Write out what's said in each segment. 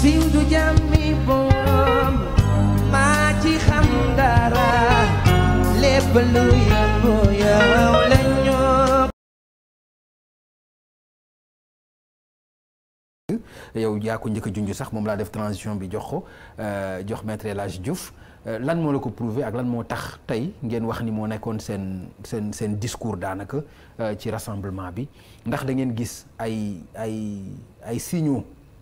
siiw du yaa ko njëkk a sax moom laa def transition bi jox ko euh, jox maître El Hadj Diouf euh, lan moo la ko prouvé ak lan moo tax tey ngeen wax ni moo nekkoon seen seen seen discours daanaka euh, ci rassemblement bi ndax dangeen gis ay ay ay signaux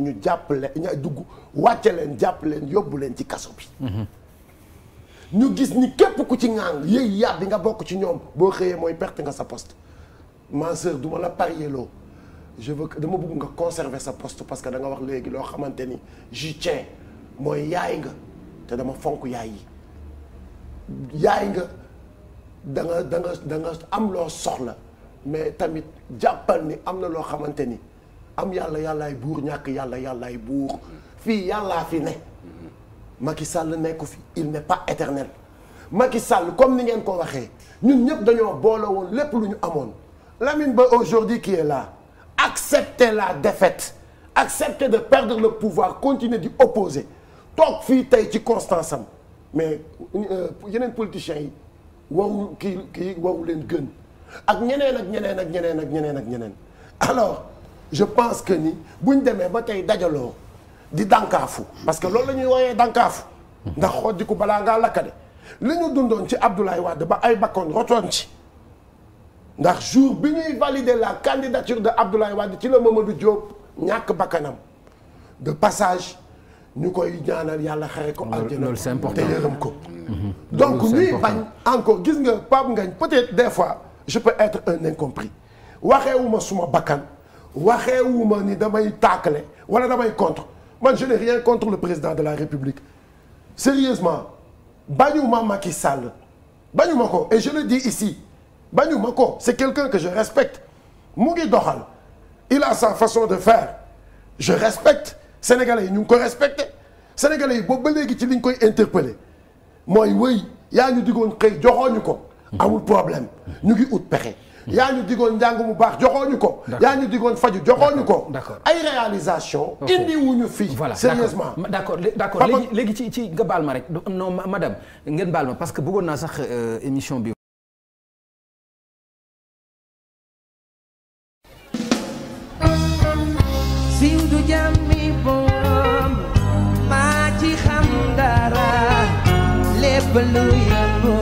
Nous avons ñu pas dugg wàcce leen jàpp ci kasso bi. Mhm. ñu gis ni képp ku ci yey ya bi nga bok ci perte sa poste. ma sœur la parier je veux dama bëgg nga conserver sa poste parce que tiens mais tamit ni am yalla yalla ay bour ñak yalla yalla ay bour fi yalla fi ne Macky Sall nekku fi il n'est pas éternel Macky Sall comme ni ngeen ko waxé ñun ñep dañoo boole woon lépp lu ñu Lamine Ba aujourd'hui qui est là accepter la défaite accepter de perdre le pouvoir continuer d'opposer tok fi tay ci constance am mais euh, yeneen politiciens yi waru ki ki waru leen gën ak ñeneen ak ñeneen ak ñeneen ak ñeneen ak ñeneen alors je pense que ni buñ démé ba tay dajalo di dankafu parce que loolu la ñuy wooyee dànkaafu ndax xoddiku balaa ngaa lakkade li ñu dundoon ci Abdoulaye Wade ba ay bakkoon rotoon ci ndax jour bi ñuy valider la candidature de Abdoulaye Wade ci la Mamadou Diop ñak bakanam de passage nous koy ñaanal yalla xare ko aljana te yërëm ko mhm. donc ni bañ encore gis nga pap Ngagne peut-être des fois je peux être un incompris ma suma bakkan waxeewuma ni damay tàkkale wala damay contre man je n'ai rien contre le président de la république sérieusement bañuma Macky Sall bañuma et je le dis ici bañuma c'est quelqu'un que je respecte mu ngi doxal il a sa façon de faire je respecte sénégalais yi ñu ngi ko respecté sénégalais yi boobu ba léegi ci liñ koy interpellé mooy wëy yaa ñu diggoon xëy joxooñu ko amul problème ñu ngi out pexe yaa ñu digoon njàng mu baax joxooñu ko yaa ñu digoon faju joxooñu ko ay réalisation indi wuñu fi sérieusement d'accord d'accord légui accord ci ci nga baal ma rek non madame ngeen baal ma parce que bëggoon naa sax euh, émission bi siiw du jàmmi boom maa ci xam dara lépp lu yëngu